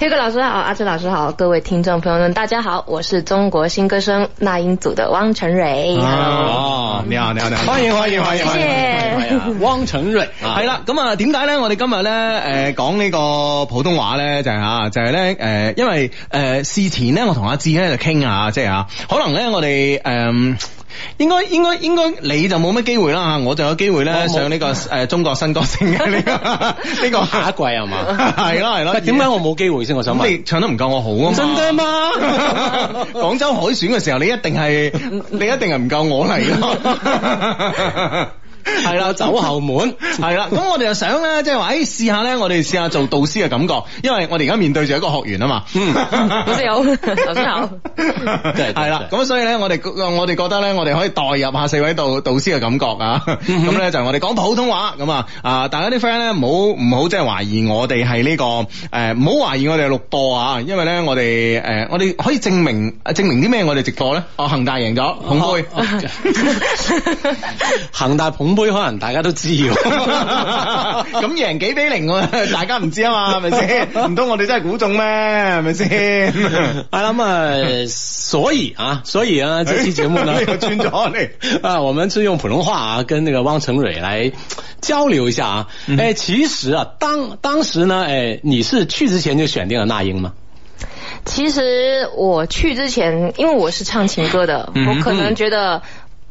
黑哥老師好，阿志老師好，各位聽眾朋友們，大家好，我是中國新歌聲那英組的汪晨蕊啊。哦，你好，你好，你好，歡迎，歡迎，歡迎，謝謝，汪晨蕊。係啦，咁啊，點解咧？我哋今日咧，誒、呃，講呢個普通話咧，就係、是、啊，就係、是、咧，誒、呃，因為誒、呃，事前咧，我同阿志咧就傾下，即係啊，可能咧，我哋誒。呃應該應該應該，你就冇乜機會啦嚇，我就有機會咧上呢、這個誒、呃、中國新歌星嘅呢、這個呢、 這個下一季係嘛？係咯係咯，點解、yeah. 我冇機會先？我想問你唱得唔夠我好啊嘛？真㗎嘛？ 廣州海選嘅時候，你一定係 你一定係唔夠我嚟㗎。 係 啦，走後門係啦。咁我哋又想咧，即係話，誒，試下咧，我哋試下做導師嘅感覺，因為我哋而家面對住一個學員啊嘛。老師好，老師係。係 啦心口，咁 所以咧，我哋我哋覺得咧，我哋可以代入下四位導導師嘅感覺啊，咁、嗯、咧 就係我哋講普通話咁啊，啊，大家啲 friend 咧唔好唔好即係懷疑我哋係呢個誒，唔好懷疑我哋係錄播啊，因為咧我哋誒，我哋可以證明證明啲咩？我哋直播咧，哦，恒大贏咗，捧杯，恒 大捧。杯可能大家都知，咁贏幾比零，啊，大家唔知啊嘛，係咪先？唔通我哋真係估中咩？係咪先？咁啊，所以啊，所以啊，這期節目呢，咗 你，串啊，你啊，我們是用普通話啊，跟那個汪成蕊來交流一下啊。誒、嗯，其實啊，當當時呢，誒、欸，你是去之前就選定了那英嗎？其實我去之前，因為我是唱情歌的，嗯嗯我可能覺得。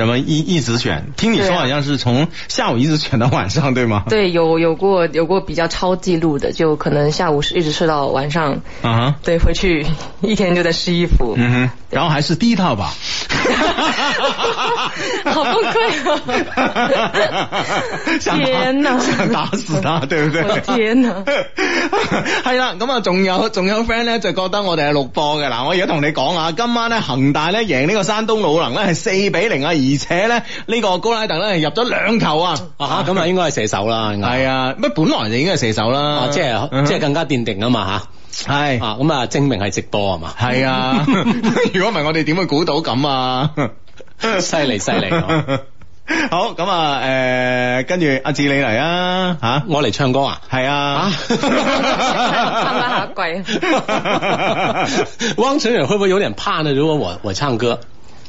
什麼一一直選？聽你說好像是從下午一直選到晚上，對、啊、對嗎？對，有有過有過比較超紀錄的，就可能下午一直試到晚上。啊、uh -huh.，對，回去一天就在試衣服。嗯、uh、哼 -huh.，然後還是第一套吧。 好崩潰潰、啊！ 天哪、啊！想打死他，對不對？ 我天哪、啊！係 啦，咁啊，仲有仲有 friend 咧，就覺得我哋係錄播嘅嗱，我而家同你講啊，今晚呢恒大呢贏呢個山東魯能咧係四比零啊，而而且咧，呢個高拉特咧入咗兩球啊！啊咁啊應該係射手啦，係啊，乜本來就應該係射手啦，即係即係更加奠定啊嘛吓，係啊，咁啊就證明係直播啊嘛，係啊，如果唔係我哋點會估到咁啊？犀利犀利！好咁、呃、啊，誒，跟住阿志你嚟啊，吓，我嚟唱歌啊？係啊，吓、啊，嘉 賓 下， 汪水遠會唔會有人怕呢？如果我我唱歌？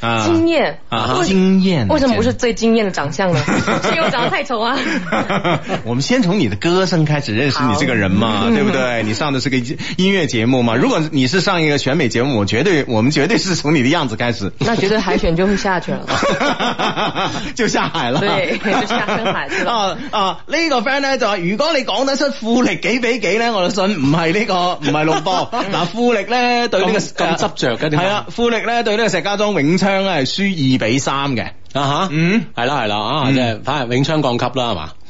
驚艷，驚、啊、艷，為什麼不、啊、是最驚艷的長相呢？是 因為我長得太醜啊！ 我們先從你的歌聲開始認識你這個人嘛，對不對？ 你上的是個音樂節目嘛？如果你是上一個選美節目，我絕對我們絕對是從你的樣子開始， 那絕對海選就會下去了， 就下海了， 對，就下深海了。哦 啊，啊這個、呢個 friend 呢就話，如果你講得出富力幾比幾呢，我就信，唔係呢個，唔係六波。嗱， 富力呢對呢、這個咁執、呃、着嘅，係啊，富力呢對呢個石家莊永槍咧係輸二比三嘅，啊吓，嗯，係啦係啦啊，嗯、即係反而永昌降級啦，係嘛。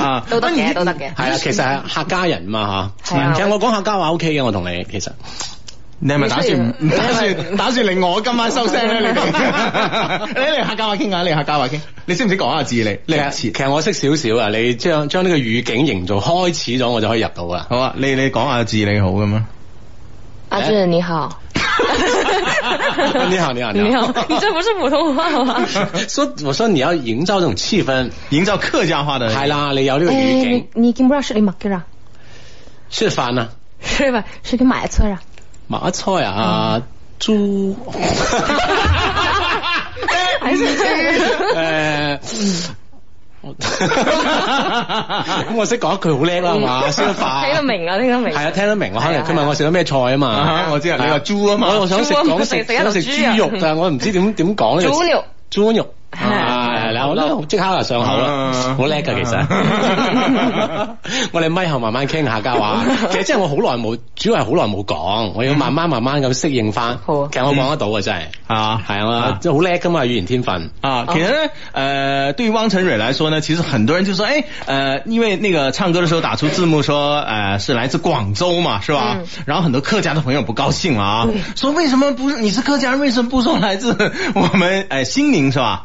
啊，都得嘅，都得嘅，係啊，其實係客家人嘛吓、 啊，其實我講客家話 OK 嘅，我同你其實，你係咪打算唔打算 打算令我今晚收聲咧？你嚟客家話傾下，你客家話傾，你識唔識講下字你？你其實我識少少啊，你將將呢個語境營造開始咗，我就可以入到啊。好啊，你你講下字你好噶咩？阿、哎、志、啊、你， 你好，你好你好你好，你這不是普通話嗎？ 說我說你要營造這種氣氛，營造客家話的人，係啦，你有呢個語境。你經不知道食啲乜嘢啊？食飯啊？食飯食啲乜嘢菜啊？乜嘢菜啊？豬。 還是這禁個？誒。 哎 禁 禁 咁、 嗯、 我識講一句好叻啦，係嘛？聽得明啊，聽得明。係啊，聽得明啊，佢、啊啊、問我食咗咩菜嘛啊，啊，啊嘛，我知啊。你話豬啊嘛，我想食講食食豬肉，但係我唔知點點講呢。豬肉。 係、啊、嗱，我咧即刻就上口啦，好叻噶、啊、其實。啊、 我哋咪後慢慢傾下架話， 其實真係我好耐冇，主要係好耐冇講，我要慢慢慢慢咁適應翻。好，其實我望得到真係，啊係啊，即係好叻噶嘛語言天分啊。其實呢，誒、哦呃，對於汪晨蕊來說呢，其實很多人就說，誒、哎，誒、呃，因為那個唱歌的時候打出字幕說，誒、呃，是來自廣州嘛，是吧、嗯？然後很多客家的朋友不高興啊，說、嗯、為什麼不是你是客家人，為什麼不說來自我們誒，興、呃、寧，是吧？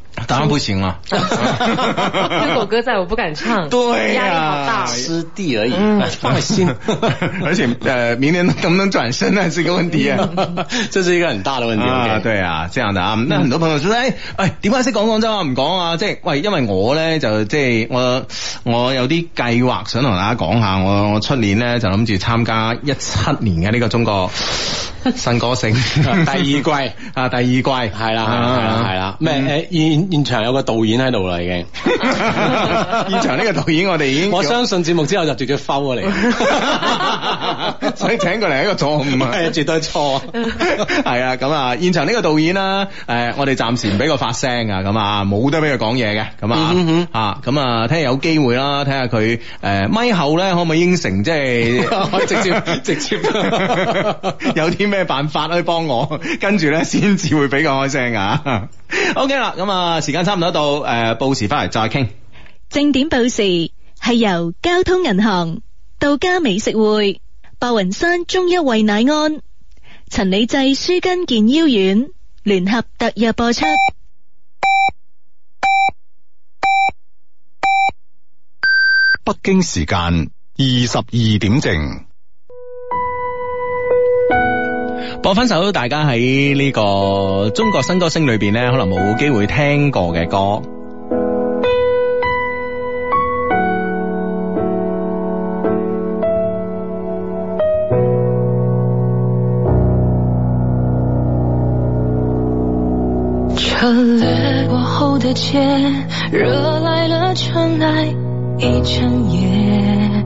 當然不行啦、啊！有、 啊、 狗哥在，我不敢唱。 對、啊、壓力好大，師弟而已，放、嗯、心。而、啊、且，誒、啊啊 呃，明年能不能轉身呢、啊？是一個問題啊、嗯，這是一個很大的問題。啊，okay、對啊，這樣的啊，那、嗯、很多朋友說，誒、嗯，誒、哎，點解識講廣州話唔講啊？即係，喂，因為我咧就即係我我有啲計劃想同大家講一下，我我出年咧就諗住參加一七年嘅呢個中國新歌聲。第二季啊，第二季係、啊啊、啦係、啊、啦係啦咩現場有個導演喺度啦，已經。 現場呢個導演，我哋已經我相信節目之後就直接摟嚟，所以請過嚟係一個錯誤，係 絕對錯。 係啊，咁啊，現場呢個導演啦，誒，我哋暫時唔俾佢發聲啊，咁啊，冇得俾佢講嘢嘅，咁啊、嗯，啊，咁啊，聽日有機會啦，睇下佢誒咪後咧可唔可以應承，即、就、係、是、直接 直接，直接 有啲咩辦法可以幫我，跟住咧先至會俾佢開聲噶、啊。OK 啦，咁啊。啊，時間差唔多到，誒，報時翻嚟再傾。正點報時係由交通銀行、道家美食會、白雲山中一惠乃安、陳李濟舒筋健腰丸聯合特約播出。北京時間二十二點正。播翻首大家喺呢個中國新歌聲裏邊呢，可能冇機會聽過嘅歌。車流過後的街，惹來了塵埃一整夜。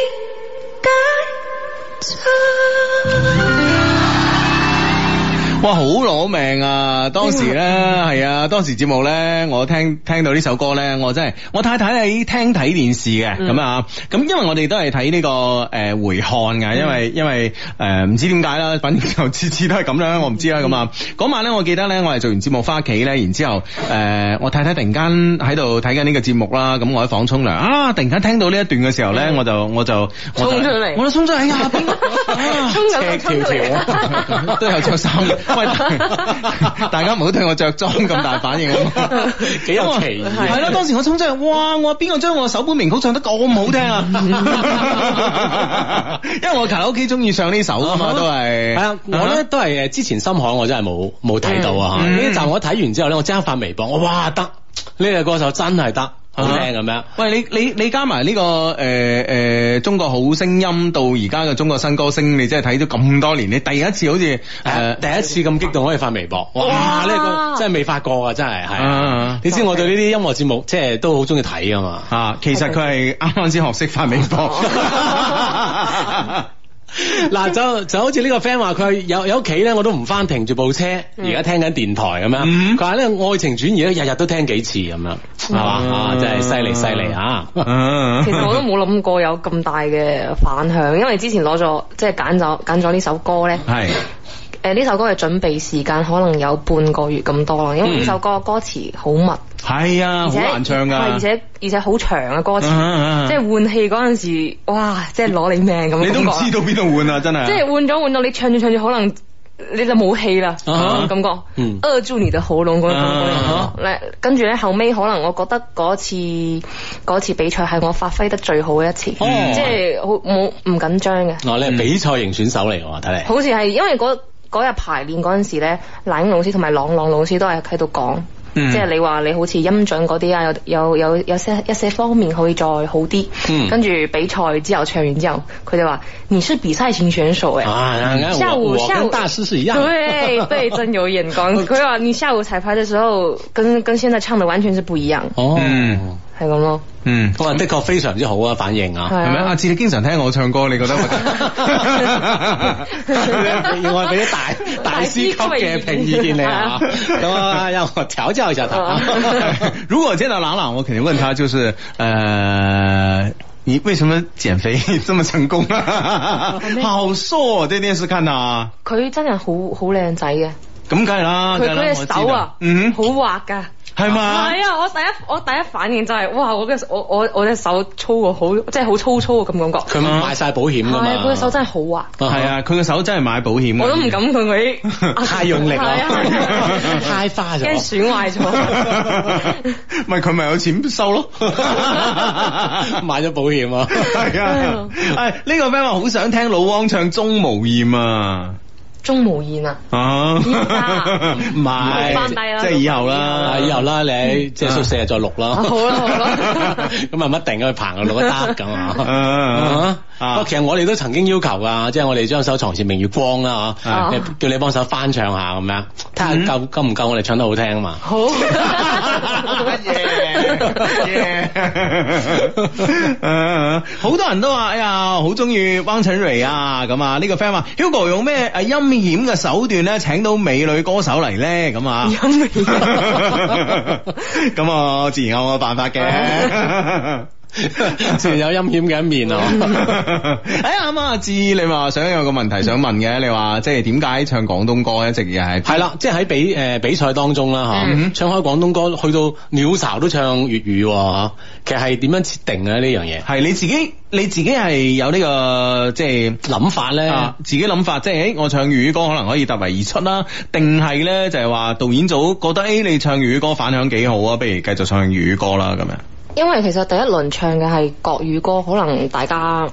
啊、好攞命啊！當時咧係、嗯嗯、啊，當時節目咧，我聽聽到呢首歌咧，我真係我太太喺聽睇電視嘅咁、嗯、啊。咁因為我哋都係睇呢個誒回看嘅、嗯，因為因、呃、為誒唔知點解啦，反正就次次都係咁樣，我唔知啦咁、嗯、啊。嗰晚咧，我記得咧，我係做完節目返屋企咧，然之後誒、呃、我太太突然間喺度睇緊呢個節目啦，咁我喺房沖涼啊，突然間聽到呢一段嘅時候咧、嗯，我就我就沖出嚟，我沖出嚟 啊，沖條條都有著衫。 大家唔好對我着裝咁大反應，幾 有奇異。係、嗯、咯，當時我總真係，哇！我邊個將我首本名曲唱得咁好聽啊？ 因為我卡拉 OK 中意唱呢首啊嘛，都係。係啊，我咧都係誒，之前深海我真係冇冇睇到啊！ 呢我、 嗯、集我睇完之後咧，我即刻發微博，我哇得，呢個歌手真係得。好靚咁樣，喂你你你加埋呢、這個誒誒、呃呃、中國好聲音到而家嘅中國新歌聲，你真係睇咗咁多年，你第一次好似誒、呃、第一次咁激動可以發微博，啊、哇呢個真係未發過真係啊真係，係你知我對呢啲音樂節目即係都好中意睇啊嘛，啊，其實佢係啱啱先學識發微博。 嗱 就就好似呢個 friend 話佢有有屋企咧，我都唔翻停住部車，而、嗯、家聽緊電台咁樣。佢話咧愛情轉移咧，日日都聽幾次咁樣，係、嗯、嘛啊，真係犀利犀利啊！ 其實我都冇諗過有咁大嘅反響，因為之前攞咗即係揀咗揀咗呢首歌咧。係。誒，呢首歌嘅準備時間可能有半個月咁多啦，因為呢首歌歌詞好密。係啊，好難唱噶而且很而且好長嘅歌詞，啊啊、即係換氣嗰陣時，哇，即係攞你命咁，你都唔知道邊度換啊，真係，即係換咗換到你唱住唱住可能你就冇氣啦，咁樣感覺，呃住你，你就喉嚨咁樣感覺，跟住咧後尾可能我覺得嗰次嗰次比賽係我發揮得最好嘅一次，嗯、即係好冇唔緊張嘅。嗱、啊，你係比賽型選手嚟喎，睇嚟，好似係因為嗰日排練嗰陣時咧，蘭英老師同埋朗朗老師都係喺度講，即係你話你好似音準嗰啲啊，有有有有，有些一些方面可以再好啲、嗯。跟住比賽之後，唱完之後，佢哋話你是比賽型選手誒、啊啊。下午下午大師是一樣，對，對，真有眼光。佢 話你下午彩排嘅時候，跟跟現在唱的完全是不一樣。哦嗯係咁咯，嗯，佢話的確非常之好啊，反應啊，係咪啊？阿志，啊、你經常聽我唱歌，你覺得我得 我俾啲大大師級嘅評意見你啊？咁啊，讓我調教一下他。 如果見到朗朗，我肯定問他，就是，誒、呃，你為什麼減肥這麼成功啊？啊 好瘦喎！在電視看啊，佢真係好好靚仔嘅。咁梗係啦，佢佢隻手啊，嗯，好滑噶，係嘛？係啊，我第一我第一反應就係、是，哇！我嘅我我我隻手粗啊，好即係好粗粗啊咁感覺。佢賣晒保險㗎嘛？佢隻手真係好滑。係啊，佢嘅手真係買保險。我都唔敢佢啲， 太用力咯，太花咗。驚 損壞咗。咪佢咪有錢收咯， 買咗保險 啊！係 啊、 哎，係、這、呢個咩 r 話好想聽老汪唱《鍾無艷》啊。鍾無艷啊！而家唔係，即係以後啦、啊啊，以後啦，你喺、嗯、即係宿舍再錄啦。好啦好啦，咁啊， 啊啊啊 一定去棚度錄一單咁啊？啊 不、啊、過其實我哋都曾經要求㗎，即、就、係、是、我哋將首《床前明月光》啦、啊、嚇，叫你幫手翻唱下咁樣，睇下、嗯、夠夠唔夠我哋唱得好聽啊嘛。好嘢好 Yeah, yeah 多人都話：哎呀，好中意汪晨瑞啊！咁啊，呢、這個 friend 話：Hugo 用咩啊陰險嘅手段咧？請到美女歌手嚟咧咁啊？ 陰險咁 我自然有我嘅辦法嘅。 自然有陰險嘅一面啊！ 哎阿媽智你話想有個問題想問嘅，你話即係點解唱廣東歌一直嘅係啦，即係喺比、呃、比賽當中啦、啊嗯嗯、唱開廣東歌去到鳥巢都唱粵語喎、啊。其實係點樣設定嘅呢樣嘢？係你自己你自己係有呢、這個即係諗法呢？啊、自己諗法即係誒、欸、我唱粵語歌可能可以突圍而出啦，定係呢？就係、是、話導演組覺得、欸、你唱粵語歌反響幾好啊，不如繼續唱粵語歌啦咁樣。因為其實第一輪唱嘅係國語歌，可能大家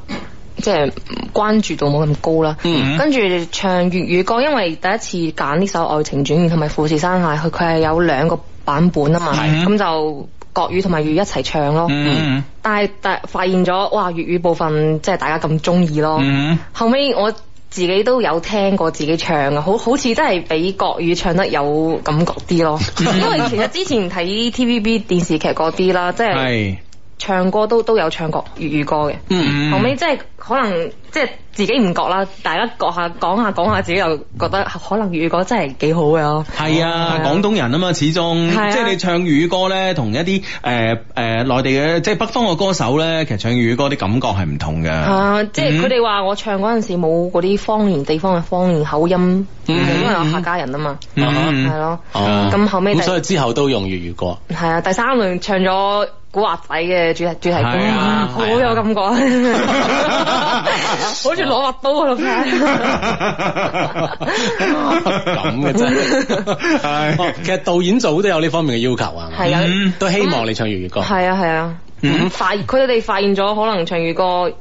即係關注度冇咁高啦。Mm -hmm. 跟住唱粵語歌，因為第一次揀呢首《愛情轉移》同埋《富士山下》，佢佢係有兩個版本啊嘛。係、mm -hmm. 嗯，咁就國語同埋粵語一齊唱咯、mm -hmm.。但係但發現咗，哇！粵語部分即係大家咁中意咯。嗯、mm -hmm.，後尾我。自己都有聽過自己唱啊，好好似真係比國語唱得有感覺啲咯， 因為其實之前睇 TVB 電視劇嗰啲啦，即係。唱歌都都有唱過粵語歌嘅，嗯，後尾即係可能即係、就是、自己唔覺啦，大家覺下講下講下，講一下講一下自己又覺得可能粵語歌真係幾好嘅咯。係、嗯、啊，廣、啊、東人啊嘛，始終即係你唱粵語歌咧，同一啲誒誒內地嘅即係北方嘅歌手咧，其實唱粵語歌啲感覺係唔同嘅。即係佢哋話我唱嗰陣時冇嗰啲方言地方嘅方言口音，嗯，因為我客家人啊嘛，係、嗯、咯。咁、啊嗯啊啊啊、後尾、就是，所以之後都用粵語歌。係啊，第三輪唱咗。古惑仔嘅主題主題曲，好、啊嗯啊、有感覺，啊、 好似攞把刀咁解。嘅真係，其實導演組都有呢方面嘅要求啊，係、嗯、啊，都希望你唱粵語歌。係啊係啊，發佢哋發現咗，可能唱粵語歌。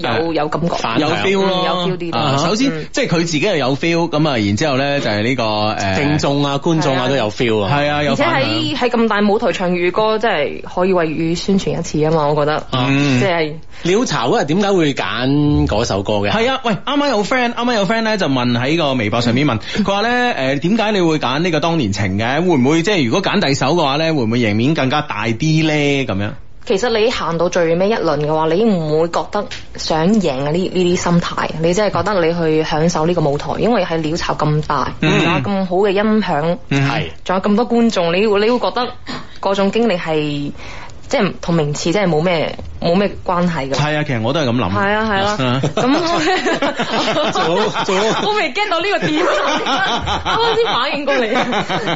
有有感，有感覺，有 feel 咯，啊嗯，有 feel 啲，啊。首先，嗯、即係佢自己又有 feel，咁啊，這個，然之後咧就係呢個誒，聽眾啊，觀眾啊，啊都有 feel 啊。係啊，而且喺喺咁大舞台唱粵語歌，真係可以為粵語宣傳一次啊嘛！我覺得，即係鳥巢啊，點解會揀嗰首歌嘅？係啊，喂，啱啱有 friend，啱啱有 friend 咧就問喺個微博上面問，佢話咧誒點解你會揀呢個當年情嘅？會唔會即係如果揀第首嘅話咧，會唔會迎面更加大啲咧？咁樣？其實你行到最尾一輪嘅話，你唔會覺得想贏嘅呢呢啲心態？你真係覺得你去享受呢個舞台，因為喺鳥巢咁大，仲、嗯、有咁好嘅音響，仲、嗯、有咁多觀眾，你會你會覺得嗰種經歷係。即係同名詞即係冇咩冇咩關係嘅。係、嗯、啊，其實我都係咁諗。係啊，係啊。咁 ，早 我未驚到呢個點。啱啱先反應過嚟。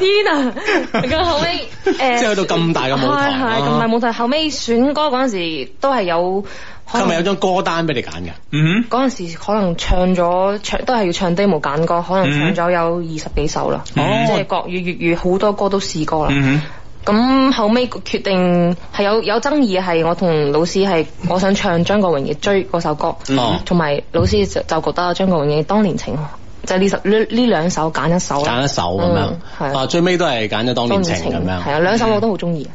天啊！咁後屘、欸、即係去到咁大嘅舞台。係係、啊，咁、啊、大舞台、啊、後屘選歌嗰時都係有。係咪有張歌單俾你揀嘅？嗯，嗰時可能唱咗唱都係要唱 demo 揀歌，可能唱咗有二十幾首啦、嗯哦嗯。即係國語、粵語好多歌都試過啦。嗯咁後尾決定係有，有爭議係我同老師，係我想唱張國榮嘅《追》嗰首歌，同、哦、埋老師就覺得張國榮嘅，就係嗯啊《當年情》就呢呢兩首揀一首揀一首咁樣，係啊，最尾都係揀咗《當年情》咁樣，係啊，兩首我都好鍾意。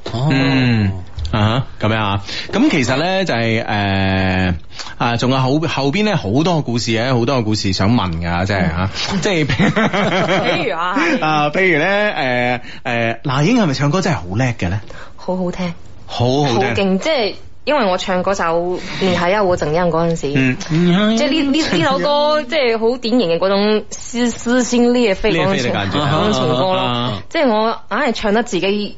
啊、uh、咁 -huh, 樣啊！咁其實咧就係誒啊，仲、呃、有後後邊咧好多個故事咧，好多個故事想問噶，即係吓，即、就、係、是、 譬如啊，啊，譬如咧，誒、呃、誒，那、呃、英係咪唱歌真係好叻嘅咧？好好聽，好好聽，好勁！即、就、係、是、因為我唱嗰首《你喺我最陰》嗰陣時，即係呢呢呢首歌，即係好典型嘅嗰種思思鄉呢嘅飛情、啊、歌即係、啊啊啊就是、我硬係、啊、唱得自己。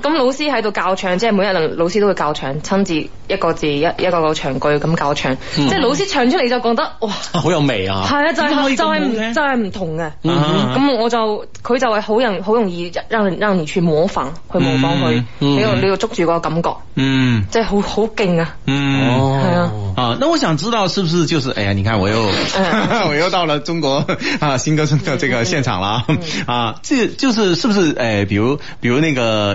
咁老師喺度教唱，即係每日老師都會教唱，親自一個字一一個個長句咁教唱、嗯，即係老師唱出嚟就覺得哇，好有味啊！係啊，就係就係唔就係唔同嘅。咁、嗯嗯、我就佢就係好人好容易讓讓人完全模仿佢模仿佢，你要捉住個感覺，嗯，即係好好勁啊！嗯，係啊。啊，那我想知道，是不是就是，哎呀，你看我又、嗯、 我又到了中國啊新歌聲嘅這個現場啦、嗯，啊，就就是是不是誒、哎，比如比如那個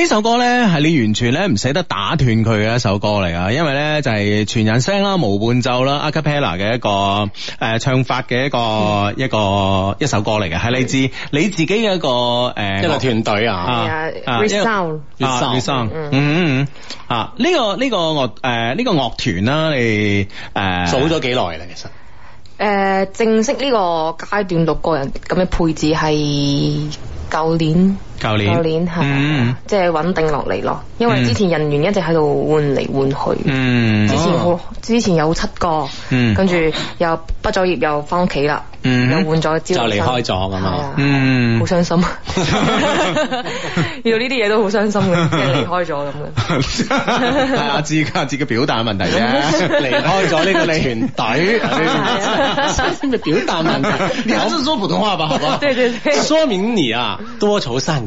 呢首歌咧係你完全咧唔捨得打斷佢嘅一首歌嚟！啊，因為咧就係全人聲啦、無伴奏啦、acapella 嘅一個誒、呃、唱法嘅一個、嗯、一個，一，個、嗯、一首歌嚟嘅，係你自你自己嘅一個誒、呃、一個團隊啊啊 yeah，啊，Resound，Resound，啊呢、嗯嗯嗯啊這個呢、這個樂誒呢、呃這個樂團啦、啊，你誒、呃、數咗幾耐啦，其實誒正式呢個階段六個人咁嘅配置係舊年。舊年，係，即係穩定落嚟咯。因為之前人員一直喺度換嚟換去、嗯，之前好、哦，之前有七個，跟、嗯、住又畢咗業又翻屋企啦，又換咗招就離開咗咁啊，嗯，好傷心，要呢啲嘢都好傷心嘅，離 開咗咁嘅。係 啊，自家自己表達嘅問題啫，離 開咗呢個團隊，係 是啊， 表達問題， 你還是說普通話吧，好唔好？對對對，說明你啊多愁善。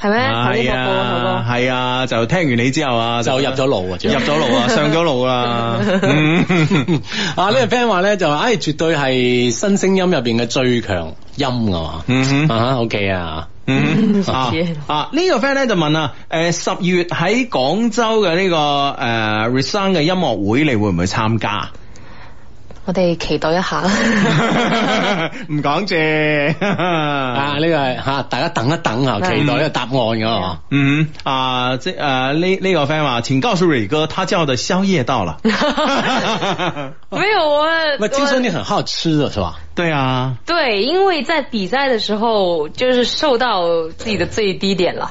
係咩？係啊，係啊，就聽完你之後啊，就入咗路了啊，入咗路啊，上咗路啦。啊呢個 friend 話咧就話，唉絕對係新聲音入邊嘅最強音㗎嘛。嗯哼，啊 OK 啊。嗯 啊呢、啊這個 friend 咧就問啊，誒十月喺廣州嘅呢、這個誒 re 生嘅音樂會，你會唔會參加？我哋期待一下唔 不講住迹笑啊，呢、這個係吓、啊，大家等一等啊，期待呢個答案嘅 嗯，啊即啊呢呢個 friend 啊，請告訴瑞哥，他叫的宵夜到了。 沒有啊，我聽說 你很好吃嘅，是吧？ 對啊，對，因為在比賽的時候，就是瘦到自己的最低點了。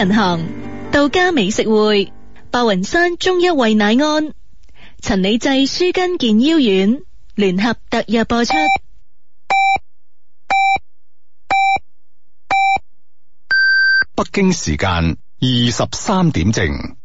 銀行、道家美食匯、白雲山中一惠奶安、陳李濟舒筋健腰丸，聯合特約播出。北京時間二十三點正。